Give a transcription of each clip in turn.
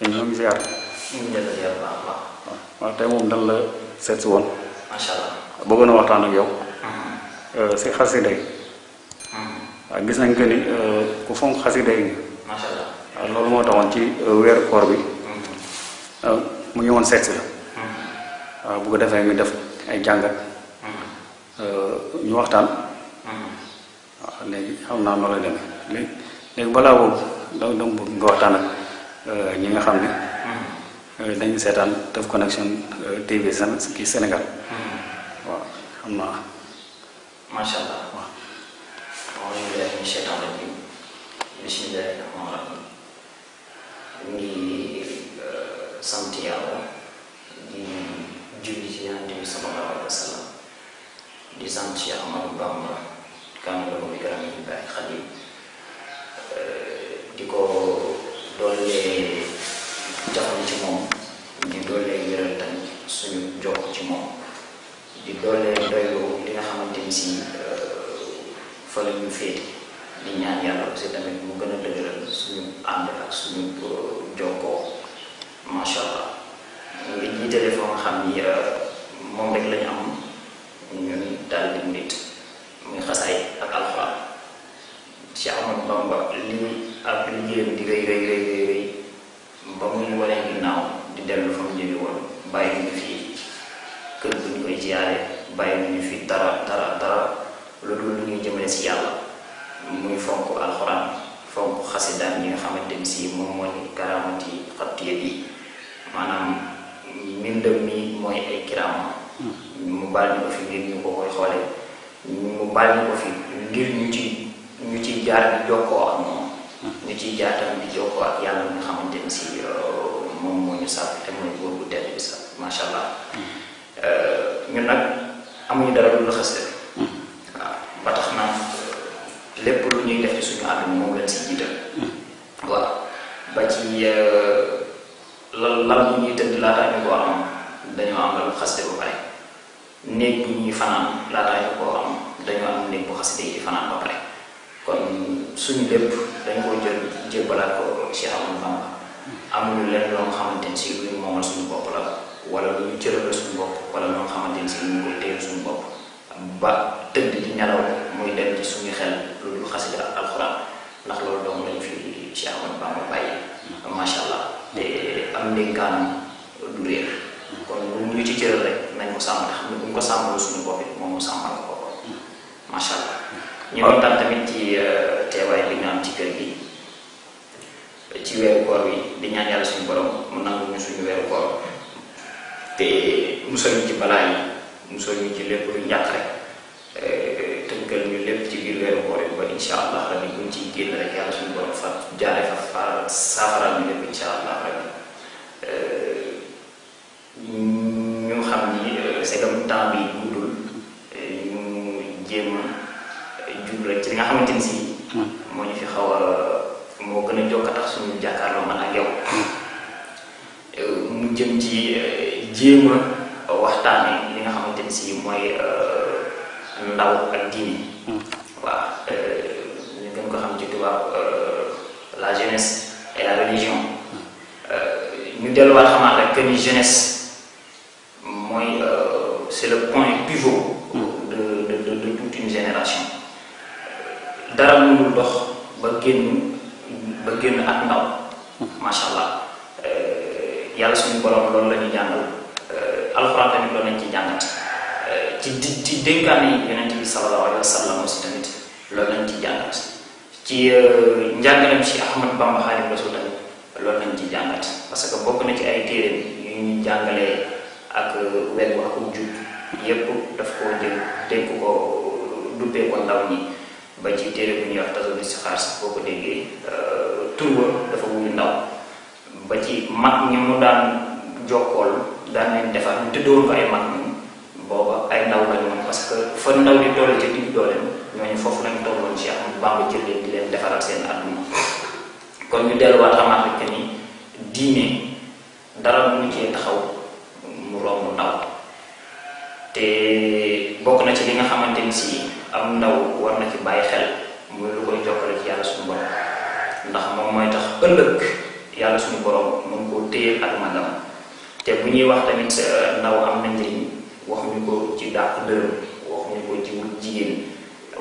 ñu ngi am tey moom dañ la seet si woon. macha waxtaan ak yow. Mm-hmm. Euh, si xasida yi. Mm-hmm. waaw gis nañ que ni euh, ku fonk xasida yi. macha allah loolu moo taxoon ci euh, weeru koor bi. Mm-hmm. mu ñëwoon seet si la. waaw bu ko defee mi def ay jàngat. ñu waxtaan. waaw léegi xam naa noo lay léegi léegi balaa boobu da nga bëgg nga waxtaan ak. ñi nga xam ne hmm. euh, dañu seetaan def Connection euh, TV kii Sénégal hmm. waaw xam naa Allah waaw waaw ñu lay ñu seetaan rek bi bismillah ñu ngi euh, sant yàlla di julli ci yonent bi wa di sant ci Ahmadu Bamba kan la mu yi bàyyi di ko doolee taxaw ci moom di doolee yëral tamit suñu jokk ci moom di doolee doylu li nga xamante ni si euh, fa la ñu féete di ñaan yàlla aussi tamit mu gën a dëgëral suñu ànd ak suñu euh, jokkoo macha allah ngi jiitale fa nga xam ni euh, moom rek lañu am ñun daal di nit muy xasaay ak alxuraan Cheikh Ahmadou Bamba li ab di rëy rëy mu bàyyi ko fi ngir ñu ci ñu ciy jaar di jokkoo ak moom ñu ci jaar tam di jokkoo ak yàlla nga xamante ni si euh, moom moo ñu sàpp te mooy bu tedd bi sàpp macha allah euh, ñun nag amuñu dara lu la xas waaw ba na euh, lépp lu ci lal lal bu ñuy tëdd laataa ñu koo am dañoo am lalu xaste ba pare néeg bu ñuy fanaan laataa ñu koo am dañoo am néeg bu xasida yi fanaan ba pare kon suñu lépp dañ koo jël jébbalaat ko Cheikh Amadou Bamba amuñu lenn loo xamante ni si lu moomal suñu bopp la wala lu ñu cërale suñu bopp wala loo xamante si lu ñu koy téye suñu bopp ba tëdd di ñelaw muy dem ci suñu xel loolu xasida ak alxuraan ndax loolu dong lañ fi Cheikh Amadou Bamba bàyyi macha allah te am ndénkaan du réer kon lu ñu ci cëral rek nañ ko sàmm ndax buñ ko sàmmaloo suñu bopp it moom mu sàmmal ñu kontaan tamit ci euh, teewaay bi ñu am ci kër gi ci weeru koor wi di ñaan yàlla suñu borom mu nangu ñu suñu weeru koor te musal ñu ci balaa yi musal ñu ci lépp lu ñàkk rek tënkal ñu lépp ci biir weeru koor yi ba insha allah rabbi buñ ciy génn rek yàlla suñu borom fa jaare fa saafaraal ñu lépp insha allah rabbi euh, ñu xam ni euh, c'est comme temps bi bi nga xamante ni si. Hmm. moo ñu fi xaw moo gën a jokk a tax suñu jàkkaarloo man ak yow. Hmm. Euh, mu jëm ci euh, jéem a waxtaane li nga xamante ni si mooy euh, ndaw ak diine. Hmm. waaw ñu gën ko xam ci tubaab la jeunesse et la religion. ñu delluwaat xamaat rek que ni jeunesse. dara mënul dox ba génn ba génn ak ndaw macha allah eh, yàlla suñu borom loolu la ñu jàngal eh, alxuraan tamit loolu ci jàngat eh, ci di ci dénkaane yi bi si Ahmad Bamba Xaadimu Rasuul tamit loolu ci jàngat parce que bokk na ci ay téere yu ñuy jàngalee ak wet ak jub yépp ba ci téere bu ñuy wax tasawul istixaar sax boo ko déggee euh, tur dafa wuyu ndaw ba ci mag ñi mu daan jokkool daan leen defar ñu tëddoon ko ay mag ñi booba ay ndaw lañ moom parce que fa ndaw di toll ci digg dooleem ñooñu foofu lañ tolloon ci am bàmba jël leen di leen defaral seen àdduna kon ñu delluwaat xamaat rek ni diine dara mu cee taxaw mu romb ndaw te bokk na ci li nga xamante ni si am ndaw war na ci bàyyi xel muy lu koy jokkale ci yàlla suñu borom ndax moom mooy tax ëllëg yàlla suñu borom mën ko téyel ak magam te bu ñuy wax tamit euh, ndaw am na njëriñ waxuñu ko ci dàq dërëm waxuñu ko ci wut jigéen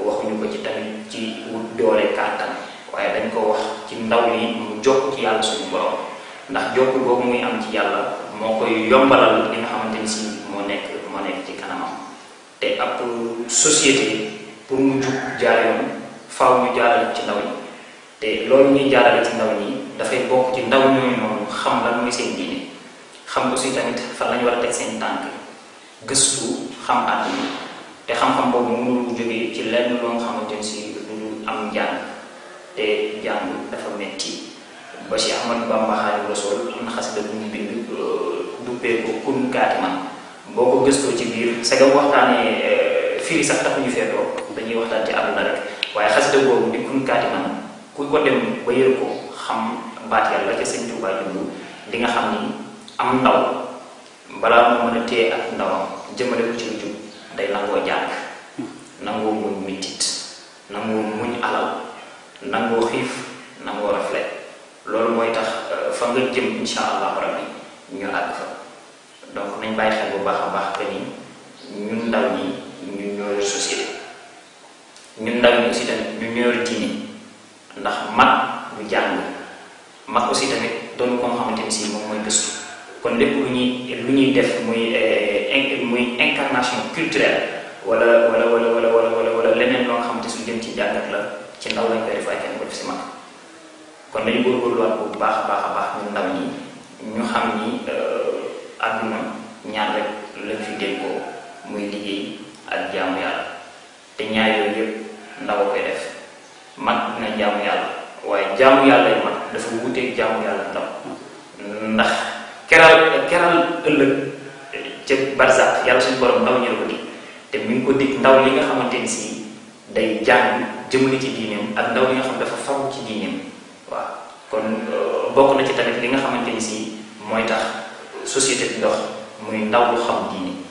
waxuñu ko ci tamit ci wut doole kàttan waaye dañ ko wax ci ndaw yi mu jokk ci yàlla suñu borom ndax jokk boobu muy am ci yàlla moo koy yombalal li nga xamante ni si moo nekk moo nekk ci kanamam te ab société pour mu jub jaar yoon faaw ñu jaarale ci ndaw yi te loolu ñuy jaarale ci ndaw ñi dafay bokk ci ndaw ñooñu noonu xam lan mooy seen diine xam aussi tamit fan lañu war a teg seen tànk gëstu xam àdduna xam-xam boobu mënul jógee ci lenn loo xamante ne si du am te njàng dafa metti ba si Ahmadu Bamba Xaadimu Rasuul am na xasida bu ñu bind euh, duppee kun kaati man boo ko gëstoo ci biir sega waxtaanee euh, firi sax taxuñu feetoo dañuy waxtaan ci àdduna rek waaye xasida boobu di kun kaati man ku ko dem ba yër ko xam baat yàlla ca sëñ Tuubaa nga xam ni am ndaw balaa mu lu jub day nangoo jàng nangoo muñ mitit nangoo muñ alal nangoo xiif nangoo raflet loolu mooy tax euh, fa nga jëm insha allahu rabbi ñu àgg fa donc nañ bàyyi xel bu baax a baax que ndaw ñi ñun ñoo yor société ñu ndaw ñi aussi tamit ñun ñoo yor ndax mag lu jàng mag aussi tamit doon ko nga xamante ni si moom mooy gëstu kon lépp lu ñuy def muy eh, muy incarnation culturelle wala wala wala wala wala wala leneen loo nga xamante su dem ci jàngat la ci ndaw lañ koy def waaye kenn ko def si mag kon dañu góorgóorluwaat bu baax a baax a baax ñun ndaw ñi ñu xam ni euh, àdduna ñaar rek lañ fi dénkoo muy liggéey ak jaamu yàlla te ñaar yooyu yëpp ndaw koy def mag na jaamu yàlla waaye jaamu yàlla yi mag dafa wuteeg jaamu yàlla ndaw ndax keral keral ëllëg ca barzak yàlla suñu borom ndaw ñu la ko te mi ngi ko dig ndaw li nga xamante ni si day jàng jëmale ci diineem ak ndaw li nga xam dafa faru ci diineem waaw kon euh, bokk na ci tamit li nga xamante ni si mooy tax société bi dox muy ndaw lu xam diine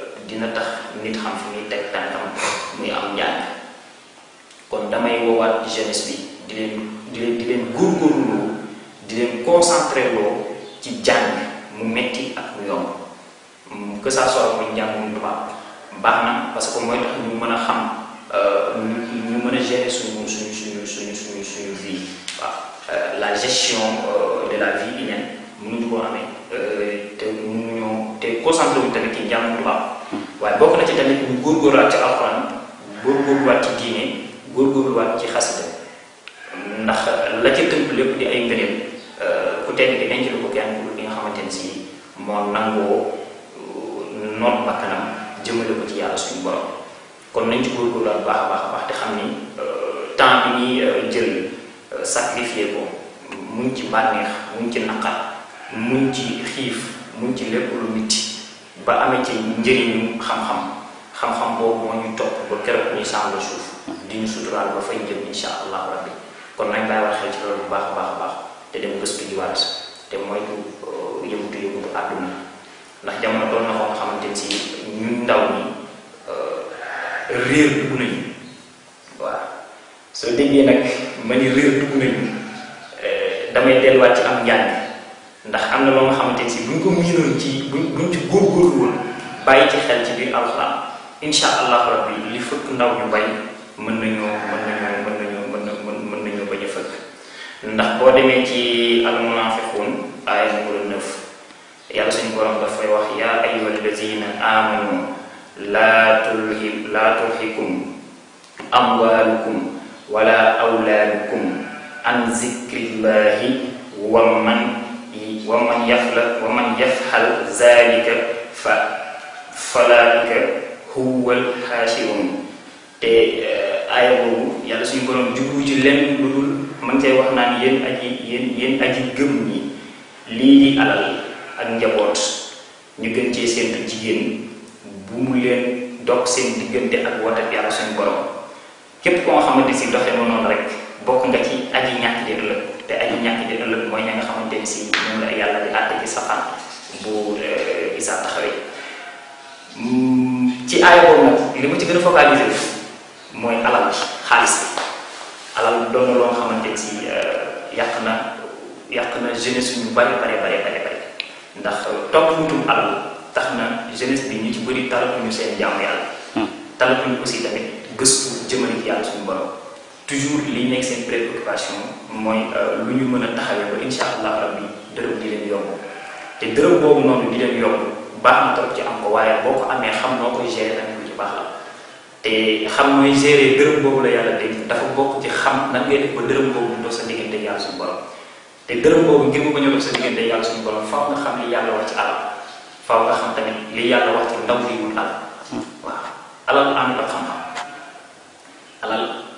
dina tax nit xam fi muy teg tànkam muy am njàng kon damay woowaat jeunesse bi di leen di leen di leen góorgóorloo di leen concentré loo ci jàng mu metti ak mu yomb que ça soit muy njàngum tubaab baax na parce que mooy tax ñu mën a xam euh, ñu mën a gérer suñu suñu suñu suñu suñu suñu vie waaw euh, la gestion euh, de la vie humaine mënuñu ko amee te mënuñoo te concentré wuñ tamit ci njàngum tubaab waaye bokk na ci tamit ñu góorgóorluwaat ci alxuraan góorgóorluwaat ci diine góorgóorluwaat ci xasida ndax la ca tënk lépp di ay ngëneel ku tedd bi denc lu ko kenn bi nga xamante si moom nangoo uh, noon bakkanam jëmale ko ci yàlla suñu borom kon nañ ci góorgóorluwaat baax a baax a baax te xam ni uh, temps bi ñuy uh, jël sacrifié ko muñ ci bànneex muñ ci naqar muñ ci xiif muñ ci lépp lu mitti ba amee ci njëriñu xam-xam xam-xam boobu moo ñu topp ba keroog ñuy sàmm suuf di ñu suturaal ba fay njëm insha allahu rabbi kon nañ bàyyi wax ci loolu bu baax baax baax te dem gëstu jiwaat te moytu euh, yëngutu yëngutu àdduna ndax jamono doon na ko nga xamante si ñun ndaw ñi euh, réer dugg nañu waaw soo déggee nag ma ni réer dugg nañu euh, damay delluwaat ci am njàng ndax am na loo nga xamante si buñ ko miinoon ci buñ buñ ci góorgóorlu woon bàyyi ci xel ci biir alxuraan incha allahu rabbi li fëkk ndaw ñu bay mën nañoo mën nañoo mën nañoo mën nañoo bañ fëkk ndax boo demee ci almunafiqun aaya numéro 9 yàlla suñu borom dafay wax yaa ayuha allazina amanu laa tulhi laa tulhikum amwaalukum wala awlaadukum an zikrillahi wa ومن يخلق ومن يفعل ذلك ف فلاك هو الخاسرون te eh, aaya boobu yàlla suñu borom jublu ci lenn lu man cay wax naan yéen aji yéen yéen aji gëm ñi lii di alal ak njaboot ñu gën cee seen jigéen bu mu leen dog seen diggante ak wote yàlla suñu borom képp koo xamante si doxee ma noonu rek bokk nga ci aji ñàkk ji ëllëg te aji ñàkk ji ëllëg mooy ña nga xamante ni si ñoom la yàlla di àtte ci safaan bu euh, isa taxawee mm, ci aaya boobu nag li mu ci gën a focaliser mooy alal xaalis alal doon na loo xamante ni si euh, yàq na yàq na jeunesse ñu bari bari bari bari ndax topp wutum alal tax na jeunesse bi ñu ci bëri talatuñu seen jàmm yàlla hmm. talatuñu aussi tamit gëstu jëmale ci yàlla suñu borom toujours li nekk seen préoccupation mooy euh, lu ñu mën a taxawee ba incha allah rabbi dërëm di leen yomb te dërëm boobu noonu di leen yomb baax na trop ci am ko waaye boo ko amee xam noo koy gérer tamit lu ci baax la te xam nooy gérer dërëm boobu la yàlla dégg dafa bokk ci xam nan ngay def ba dërëm boobu dox sa diggante yàlla suñu borom te dërëm boobu ngir mu bañ a dox sa diggante yàlla suñu borom faaw nga xam li yàlla wax ci alal faaw nga xam tamit li yàlla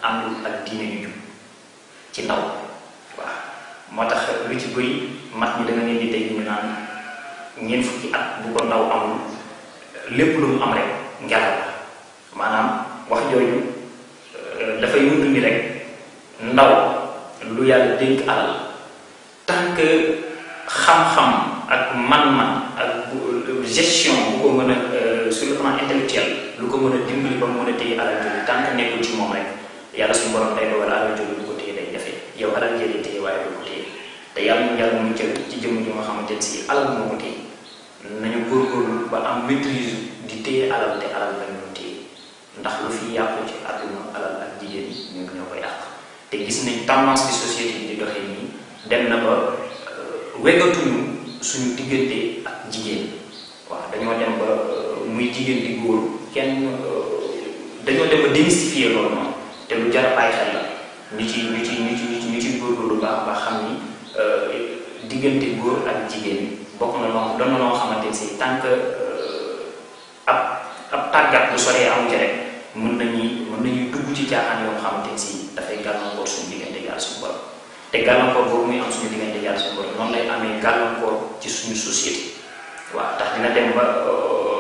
àndul ak diine yu jub ci ndaw waaw moo tax lu ci bëri mag ñi da nga leen di dégg ñu naan ñeent fukki at bu ko ndaw amul lépp lu mu am rek ngelaw maanaam wax jooju euh, dafa wund ni rek ndaw lu yàlla dégg alal tant que xam-xam ak man-man ak euh, gestion bu ko mën a euh, sur le intellectuel lu ko mën a dimbali ba mu mën a téye alal jooju tant nekkul ci moom rek ya rasul borom day dogal alal jooju bu ko téye day jafe yow alal jëlee téye waaye du ko téye te yàlla ñu mu jël ci jëmm ji nga xamante ci alal moo ko téye nañu gor ba am maîtrise di téye alal te alal lañ ñu téye ndax lu fi yàqu ci aduna alal ak jigeen ñu ñoo koy yàq te gis nañ tendance bi société di doxé ni dem na ba ñu suñu digënté ak jigeen waaw dañu dem ba muy jigeen di gor kenn dañu dem ba démystifier lool non te lu jar bàyyi xel la ni ci ni ci ni ci ni ci ñu ci góorgóorlu baax ba xam ni diggante goor ak jigéen bokk na loo do na loo xamante ci tank ab ab tagat bu soree am ci rek mën nañu mën nañu dugg ci caaxaan yoo xamante si dafay gàllankoor suñu diggante yàlla suñu borom te ko boobu muy am suñu diggante yàlla suñu bor non lay galan ko ci suñu société wa tax dina dem ba